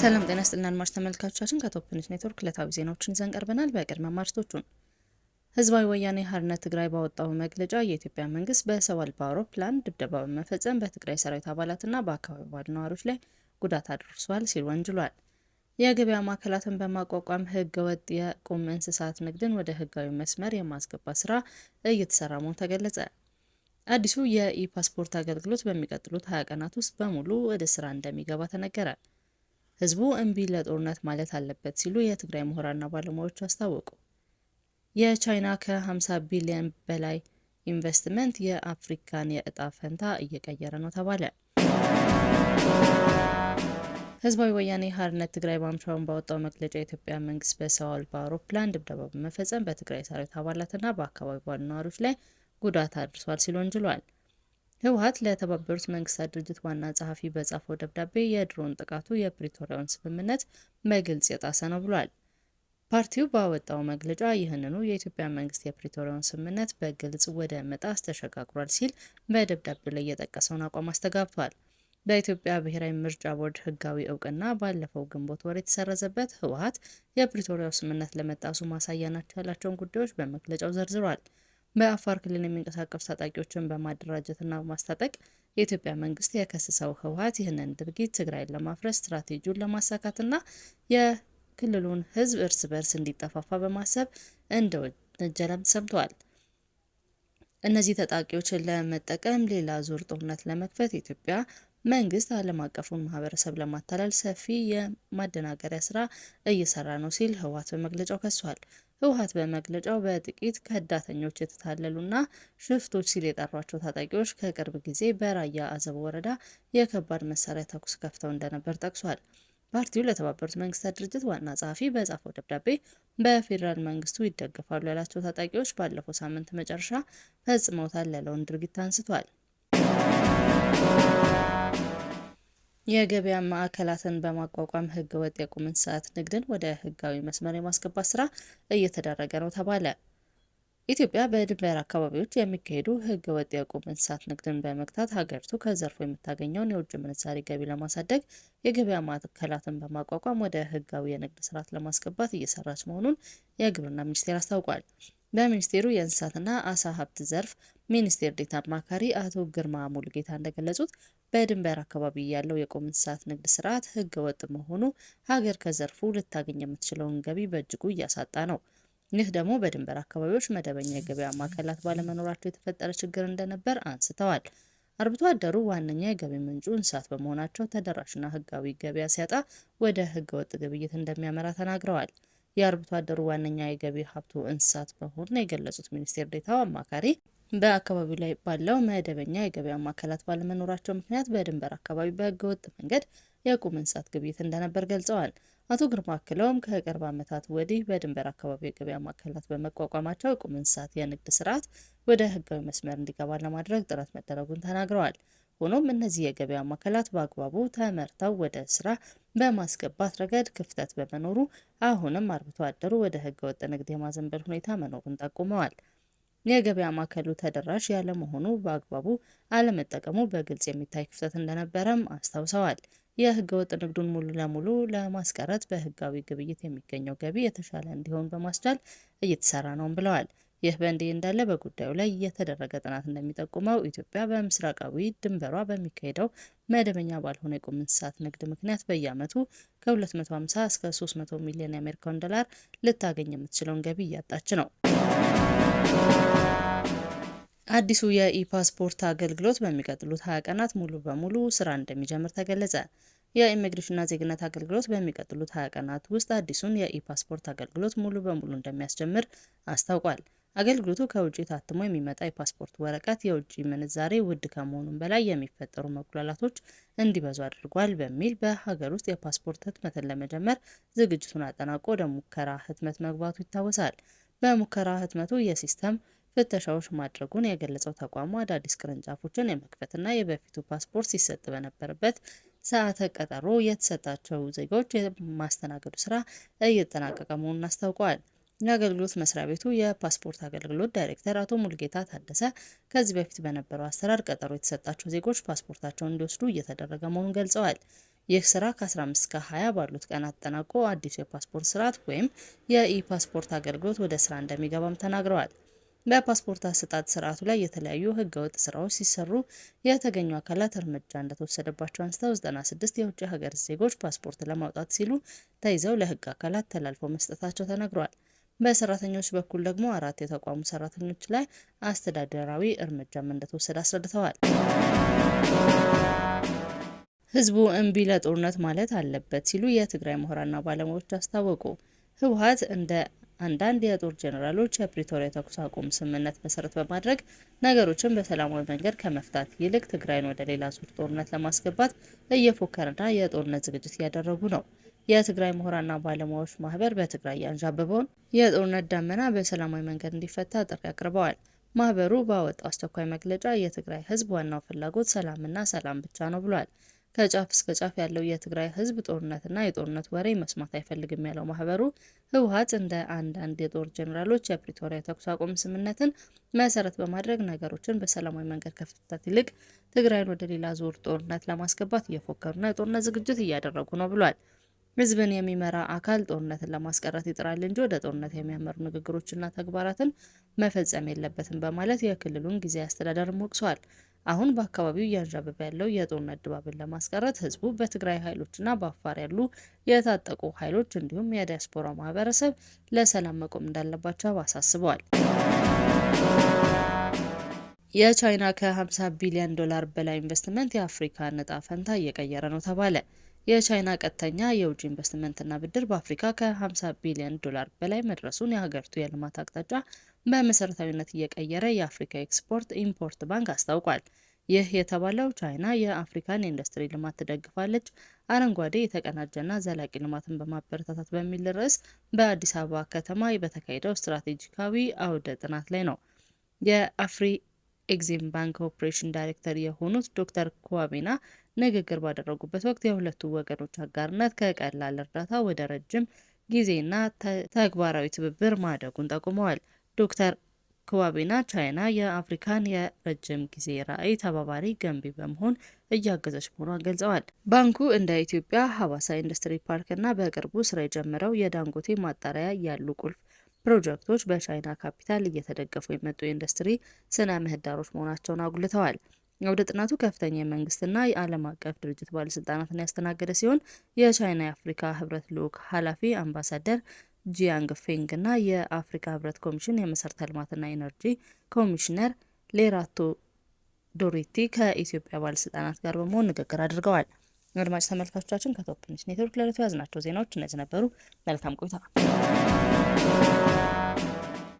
ሰላም ጤና ስጥና አድማጭ ተመልካቾቻችን ከቶፕ ኔትወርክ ዕለታዊ ዜናዎችን ይዘን ቀርበናል። በቅድመ ማርቶቹን ህዝባዊ ወያኔ ሀርነት ትግራይ ባወጣው መግለጫ የኢትዮጵያ መንግስት በሰው አልባ አውሮፕላን ድብደባ በመፈጸም በትግራይ ሰራዊት አባላትና በአካባቢ ባሉ ነዋሪዎች ላይ ጉዳት አድርሷል ሲል ወንጅሏል። የገበያ ማዕከላትን በማቋቋም ህገ ወጥ የቁም እንስሳት ንግድን ወደ ህጋዊ መስመር የማስገባት ስራ እየተሰራ መሆኑ ተገለጸ። አዲሱ የኢ-ፓስፖርት አገልግሎት በሚቀጥሉት ሀያ ቀናት ውስጥ በሙሉ ወደ ስራ እንደሚገባ ተነገረ። ህዝቡ እምቢ ለጦርነት ማለት አለበት ሲሉ የትግራይ ምሁራንና ባለሙያዎች አስታወቁ። የቻይና ከ50 ቢሊዮን በላይ ኢንቨስትመንት የአፍሪካን የእጣ ፈንታ እየቀየረ ነው ተባለ። ህዝባዊ ወያኔ ሀርነት ትግራይ ማምሻውን ባወጣው መግለጫ የኢትዮጵያ መንግስት በሰው አልባ አውሮፕላን ድብደባ በመፈጸም በትግራይ ሰራዊት አባላትና በአካባቢው ነዋሪዎች ላይ ጉዳት አድርሷል ሲል ወንጅሏል። ህወሀት ለተባበሩት መንግስታት ድርጅት ዋና ጸሐፊ በጻፈው ደብዳቤ የድሮን ጥቃቱ የፕሪቶሪያውን ስምምነት በግልጽ የጣሰ ነው ብሏል። ፓርቲው ባወጣው መግለጫ ይህንኑ የኢትዮጵያ መንግስት የፕሪቶሪያውን ስምምነት በግልጽ ወደ መጣስ ተሸጋግሯል ሲል በደብዳቤው ላይ የጠቀሰውን አቋም አስተጋብቷል። በኢትዮጵያ ብሔራዊ ምርጫ ቦርድ ህጋዊ እውቅና ባለፈው ግንቦት ወር የተሰረዘበት ህወሀት የፕሪቶሪያው ስምምነት ለመጣሱ ማሳያ ናቸው ያላቸውን ጉዳዮች በመግለጫው ዘርዝሯል። በአፋር ክልል የሚንቀሳቀሱ ታጣቂዎችን በማደራጀትና በማስታጠቅ የኢትዮጵያ መንግስት የከሰሰው ህወሀት ይህንን ድርጊት ትግራይን ለማፍረስ ስትራቴጂውን ለማሳካትና የክልሉን ህዝብ እርስ በርስ እንዲጠፋፋ በማሰብ እንደወነጀለም ሰምተዋል። እነዚህ ታጣቂዎችን ለመጠቀም ሌላ ዙር ጦርነት ለመክፈት ኢትዮጵያ መንግስት ዓለም አቀፉን ማህበረሰብ ለማታለል ሰፊ የማደናገሪያ ስራ እየሰራ ነው ሲል ህወሓት በመግለጫው ከሷል። ህወሓት በመግለጫው በጥቂት ከዳተኞች የተታለሉና ሽፍቶች ሲል የጠሯቸው ታጣቂዎች ከቅርብ ጊዜ በራያ አዘቦ ወረዳ የከባድ መሳሪያ ተኩስ ከፍተው እንደነበር ጠቅሷል። ፓርቲው ለተባበሩት መንግስታት ድርጅት ዋና ጸሐፊ በጻፈው ደብዳቤ በፌዴራል መንግስቱ ይደገፋሉ ያላቸው ታጣቂዎች ባለፈው ሳምንት መጨረሻ ፈጽመውታል ያለውን ድርጊት አንስቷል። የገበያ ማዕከላትን በማቋቋም ህገ ወጥ የቁምን ሰዓት ንግድን ወደ ህጋዊ መስመር የማስገባት ስራ እየተደረገ ነው ተባለ። ኢትዮጵያ በድንበር አካባቢዎች የሚካሄዱ ህገ ወጥ የቁም እንስሳት ንግድን በመግታት ሀገሪቱ ከዘርፉ የምታገኘውን የውጭ ምንዛሪ ገቢ ለማሳደግ የገበያ ማዕከላትን በማቋቋም ወደ ህጋዊ የንግድ ስርዓት ለማስገባት እየሰራች መሆኑን የግብርና ሚኒስቴር አስታውቋል። በሚኒስቴሩ የእንስሳትና አሳ ሀብት ዘርፍ ሚኒስቴር ዴታ አማካሪ አቶ ግርማ ሙልጌታ እንደገለጹት በድንበር አካባቢ ያለው የቁም እንስሳት ንግድ ስርዓት ህገ ወጥ መሆኑ ሀገር ከዘርፉ ልታገኝ የምትችለውን ገቢ በእጅጉ እያሳጣ ነው። ይህ ደግሞ በድንበር አካባቢዎች መደበኛ የገበያ ማዕከላት ባለመኖራቸው የተፈጠረ ችግር እንደነበር አንስተዋል። አርብቶ አደሩ ዋነኛ የገቢ ምንጩ እንስሳት በመሆናቸው ተደራሽና ህጋዊ ገበያ ሲያጣ ወደ ህገ ወጥ ግብይት እንደሚያመራ ተናግረዋል። የአርብቶ አደሩ ዋነኛ የገቢ ሀብቱ እንስሳት መሆኑን የገለጹት ሚኒስቴር ዴታው አማካሪ በአካባቢው ላይ ባለው መደበኛ የገበያ ማዕከላት ባለመኖራቸው ምክንያት በድንበር አካባቢ በህገወጥ መንገድ የቁም እንስሳት ግብይት እንደነበር ገልጸዋል። አቶ ግርማ አክለውም ከቅርብ ዓመታት ወዲህ በድንበር አካባቢ የገበያ ማዕከላት በመቋቋማቸው የቁም እንስሳት የንግድ ስርዓት ወደ ህጋዊ መስመር እንዲገባ ለማድረግ ጥረት መደረጉን ተናግረዋል። ሆኖም እነዚህ የገበያ ማዕከላት በአግባቡ ተመርተው ወደ ስራ በማስገባት ረገድ ክፍተት በመኖሩ አሁንም አርብቶ አደሩ ወደ ህገ ወጥ ንግድ የማዘንበል ሁኔታ መኖሩን ጠቁመዋል። የገበያ ማዕከሉ ተደራሽ ያለመሆኑ በአግባቡ አለመጠቀሙ በግልጽ የሚታይ ክፍተት እንደነበረም አስታውሰዋል። የህገ ወጥ ንግዱን ሙሉ ለሙሉ ለማስቀረት በህጋዊ ግብይት የሚገኘው ገቢ የተሻለ እንዲሆን በማስቻል እየተሰራ ነውም ብለዋል። ይህ በእንዲህ እንዳለ በጉዳዩ ላይ የተደረገ ጥናት እንደሚጠቁመው ኢትዮጵያ በምስራቃዊ ድንበሯ በሚካሄደው መደበኛ ባልሆነ የቁም እንስሳት ንግድ ምክንያት በየዓመቱ ከ250 እስከ 300 ሚሊዮን የአሜሪካን ዶላር ልታገኝ የምትችለውን ገቢ እያጣች ነው። አዲሱ የኢፓስፖርት አገልግሎት በሚቀጥሉት ሀያ ቀናት ሙሉ በሙሉ ስራ እንደሚጀምር ተገለጸ። የኢሚግሬሽንና ዜግነት አገልግሎት በሚቀጥሉት ሀያ ቀናት ውስጥ አዲሱን የኢፓስፖርት አገልግሎት ሙሉ በሙሉ እንደሚያስጀምር አስታውቋል። አገልግሎቱ ከውጭ ታትሞ የሚመጣ የፓስፖርት ወረቀት የውጭ ምንዛሬ ውድ ከመሆኑም በላይ የሚፈጠሩ መጉላላቶች እንዲበዙ አድርጓል በሚል በሀገር ውስጥ የፓስፖርት ህትመትን ለመጀመር ዝግጅቱን አጠናቆ ወደ ሙከራ መግባቱ ይታወሳል። በሙከራ ህትመቱ የሲስተም ፍተሻዎች ማድረጉን የገለጸው ተቋሙ አዳዲስ ቅርንጫፎችን የመክፈትና የበፊቱ ፓስፖርት ሲሰጥ በነበረበት ሰዓተ ቀጠሮ የተሰጣቸው ዜጋዎች የማስተናገዱ ስራ እየተጠናቀቀ መሆኑን አስታውቀዋል። የአገልግሎት መስሪያ ቤቱ የፓስፖርት አገልግሎት ዳይሬክተር አቶ ሙልጌታ ታደሰ ከዚህ በፊት በነበረው አሰራር ቀጠሮ የተሰጣቸው ዜጎች ፓስፖርታቸውን እንዲወስዱ እየተደረገ መሆኑን ገልጸዋል። ይህ ስራ ከ15 እስከ 20 ባሉት ቀን አጠናቆ አዲሱ የፓስፖርት ስርዓት ወይም የኢ-ፓስፖርት አገልግሎት ወደ ስራ እንደሚገባም ተናግረዋል። በፓስፖርት አሰጣጥ ስርዓቱ ላይ የተለያዩ ህገወጥ ስራዎች ሲሰሩ የተገኙ አካላት እርምጃ እንደተወሰደባቸው አንስተው 96 የውጭ ሀገር ዜጎች ፓስፖርት ለማውጣት ሲሉ ተይዘው ለህግ አካላት ተላልፎ መስጠታቸው ተነግሯል። በሰራተኞች በኩል ደግሞ አራት የተቋሙ ሰራተኞች ላይ አስተዳደራዊ እርምጃም እንደተወሰደ አስረድተዋል። ህዝቡ እምቢ ለጦርነት ማለት አለበት ሲሉ የትግራይ ምሁራንና ባለሙያዎች አስታወቁ። ህወሓት እንደ አንዳንድ የጦር ጀኔራሎች የፕሪቶሪያ የተኩስ አቁም ስምምነት መሰረት በማድረግ ነገሮችን በሰላማዊ መንገድ ከመፍታት ይልቅ ትግራይን ወደ ሌላ ዙር ጦርነት ለማስገባት እየፎከረና የጦርነት ዝግጅት እያደረጉ ነው። የትግራይ ምሁራንና ባለሙያዎች ማህበር በትግራይ ያንዣበበውን የጦርነት ዳመና በሰላማዊ መንገድ እንዲፈታ ጥሪ አቅርበዋል። ማህበሩ ባወጣው አስቸኳይ መግለጫ የትግራይ ህዝብ ዋናው ፍላጎት ሰላምና ሰላም ብቻ ነው ብሏል። ከጫፍ እስከ ጫፍ ያለው የትግራይ ህዝብ ጦርነትና የጦርነት ወሬ መስማት አይፈልግም ያለው ማህበሩ ህወሀት እንደ አንዳንድ የጦር ጀኔራሎች የፕሪቶሪያ የተኩስ አቁም ስምምነትን መሰረት በማድረግ ነገሮችን በሰላማዊ መንገድ ከፍታት ይልቅ ትግራይን ወደ ሌላ ዙር ጦርነት ለማስገባት እየፎከሩና የጦርነት ዝግጅት እያደረጉ ነው ብሏል። ህዝብን የሚመራ አካል ጦርነትን ለማስቀረት ይጥራል እንጂ ወደ ጦርነት የሚያመሩ ንግግሮችና ተግባራትን መፈጸም የለበትም በማለት የክልሉን ጊዜያዊ አስተዳደርም ወቅሰዋል። አሁን በአካባቢው እያንዣበበ ያለው የጦርነት ድባብን ለማስቀረት ህዝቡ በትግራይ ኃይሎችና በአፋር ያሉ የታጠቁ ኃይሎች እንዲሁም የዲያስፖራ ማህበረሰብ ለሰላም መቆም እንዳለባቸው አሳስበዋል። የቻይና ከ50 ቢሊዮን ዶላር በላይ ኢንቨስትመንት የአፍሪካ ዕጣ ፈንታ እየቀየረ ነው ተባለ። የቻይና ቀጥተኛ የውጭ ኢንቨስትመንትና ብድር በአፍሪካ ከ50 ቢሊዮን ዶላር በላይ መድረሱን የሀገሪቱ የልማት አቅጣጫ በመሰረታዊነት እየቀየረ የአፍሪካ ኤክስፖርት ኢምፖርት ባንክ አስታውቋል። ይህ የተባለው ቻይና የአፍሪካን የኢንዱስትሪ ልማት ትደግፋለች፣ አረንጓዴ የተቀናጀና ዘላቂ ልማትን በማበረታታት በሚል ርዕስ በአዲስ አበባ ከተማ በተካሄደው ስትራቴጂካዊ አውደ ጥናት ላይ ነው። የአፍሪ ኤግዚም ባንክ ኦፕሬሽን ዳይሬክተር የሆኑት ዶክተር ኩዋቤና ንግግር ባደረጉበት ወቅት የሁለቱ ወገኖች አጋርነት ከቀላል እርዳታ ወደ ረጅም ጊዜና ተግባራዊ ትብብር ማደጉን ጠቁመዋል። ዶክተር ክዋቤና ቻይና የአፍሪካን የረጅም ጊዜ ራዕይ ተባባሪ ገንቢ በመሆን እያገዘች መሆኗን ገልጸዋል። ባንኩ እንደ ኢትዮጵያ ሀዋሳ ኢንዱስትሪ ፓርክና በቅርቡ ስራ የጀመረው የዳንጎቴ ማጣሪያ ያሉ ቁልፍ ፕሮጀክቶች በቻይና ካፒታል እየተደገፉ የመጡ የኢንዱስትሪ ስነ ምህዳሮች መሆናቸውን አጉልተዋል። አውደ ጥናቱ ከፍተኛ የመንግስትና የዓለም አቀፍ ድርጅት ባለስልጣናትን ያስተናገደ ሲሆን የቻይና የአፍሪካ ህብረት ልዑክ ኃላፊ አምባሳደር ጂያንግ ፌንግ እና የአፍሪካ ህብረት ኮሚሽን የመሰረተ ልማትና ኤነርጂ ኮሚሽነር ሌራቶ ዶሪቲ ከኢትዮጵያ ባለስልጣናት ጋር በመሆን ንግግር አድርገዋል። አድማጭ ተመልካቾቻችን ከቶፕ ኒውስ ኔትወርክ ለዕለቱ ያዝናቸው ዜናዎች እነዚህ ነበሩ። መልካም ቆይታ